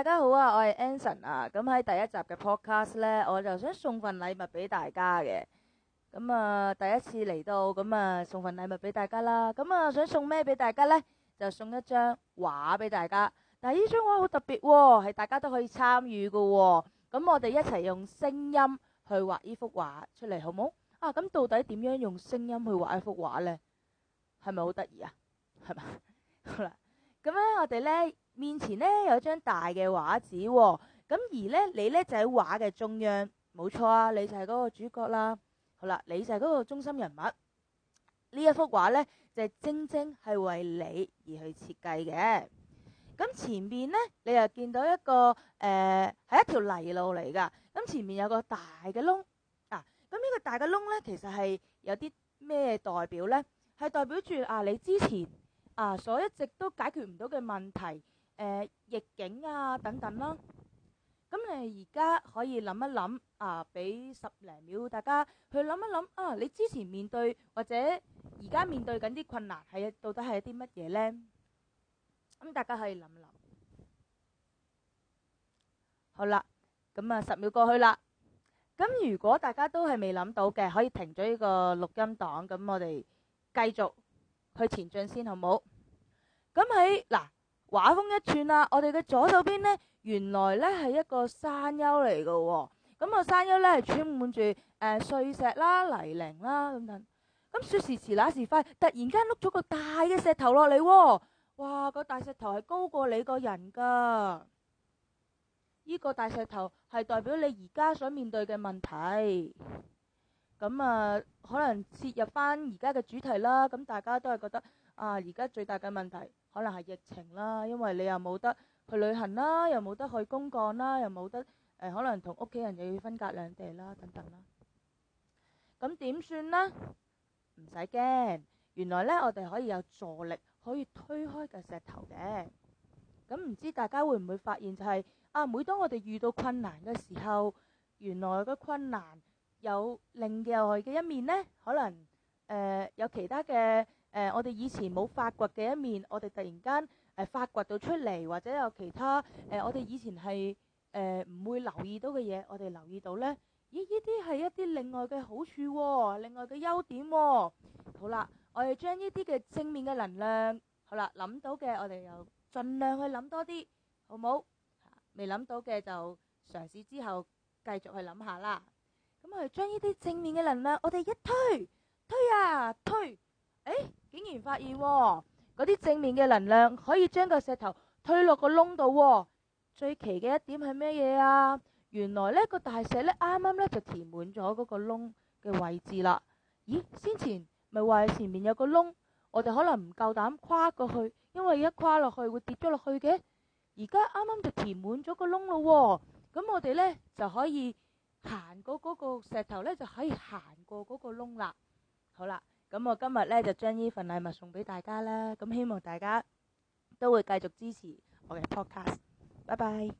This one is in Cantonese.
大家好啊，我係 Anson 啊，咁喺第一集嘅 Podcast 呢，我就想送份禮物俾大家嘅，咁啊第一次嚟到，咁啊送份禮物俾大家啦，咁啊想送咩俾大家呢？就送一張畫俾大家，但係呢張畫好特別，係大家都可以參與嘅，咁我哋一齊用聲音去畫呢幅畫出嚟，好唔好？啊，咁到底點樣用聲音去畫一幅畫呢？係咪好得意啊？係嘛，好啦，咁咧我哋呢，面前咧有一張大嘅畫紙，哦，咁而咧你咧就喺畫嘅中央，冇錯啊，你就係嗰個主角啦。好啦，你就係嗰個中心人物。呢一幅畫咧就係正正係為你而去設計嘅。咁前面咧你又見到一個誒係、呃、一條泥路嚟噶，咁前面有個大嘅窿啊。咁呢個大嘅窿咧其實係有啲咩代表咧？係代表住啊你之前啊所一直都解決唔到嘅問題。誒，呃、逆境啊，等等啦。咁、嗯、你而家可以諗一諗啊，俾十零秒大家去諗一諗啊。你之前面對或者而家面對緊啲困難係，到底係一啲乜嘢呢？咁、嗯、大家可以諗一諗。好啦，咁、嗯、啊，十秒過去啦。咁、嗯、如果大家都係未諗到嘅，可以停咗呢個錄音檔。咁我哋繼續去前進先，好唔好？咁喺嗱。畫風一轉啦，我哋嘅左手邊呢，原來呢係一個山丘嚟嘅。哦，咁、嗯、啊山丘呢，係充滿住誒碎石啦，泥濘啦咁等等。咁、嗯、說時遲那時快，突然間碌咗個大嘅石頭落嚟。哦，哇！個大石頭係高過你個人噶呢，這個大石頭係代表你而家所面對嘅問題。咁、嗯、啊、嗯，可能切入翻而家嘅主題啦，咁、嗯、大家都係覺得啊，而家最大嘅問題。可能係疫情啦，因為你又冇得去旅行啦，又冇得去公幹啦，又冇得誒、呃，可能同屋企人又要分隔兩地啦，等等啦。咁點算呢？唔使驚，原來呢，我哋可以有助力，可以推開個石頭嘅。咁唔知大家會唔會發現、就係，就係啊，每當我哋遇到困難嘅時候，原來嘅困難有另一個嘅一面呢？可能誒、呃、有其他嘅。誒、呃，我哋以前冇發掘嘅一面，我哋突然間誒、呃、發掘到出嚟，或者有其他誒、呃，我哋以前係誒唔會留意到嘅嘢，我哋留意到咧，咦、呃？呢啲係一啲另外嘅好處，哦，另外嘅優點，哦。好啦，我哋將呢啲嘅正面嘅能量，好啦，諗到嘅我哋又盡量去諗多啲，好冇？未諗到嘅就嘗試之後繼續去諗下啦。咁我哋將呢啲正面嘅能量，我哋一推，推啊，推，誒、欸。竟然發現嗰啲、哦、正面嘅能量可以將個石頭推落個窿度、哦。最奇嘅一點係咩嘢啊？原來呢、呢個大石呢啱啱呢就填滿咗嗰個窿嘅位置啦。咦，先前咪話前面有個窿，我哋可能唔夠膽跨過去，因為一跨落去會跌咗落去嘅。而家啱啱就填滿咗個窿咯。咁、哦嗯、我哋呢就可以行過嗰個石頭呢，就可以行過嗰個窿啦。好啦。咁我今日咧就將呢份禮物送俾大家啦，咁希望大家都會繼續支持我嘅 podcast，拜拜。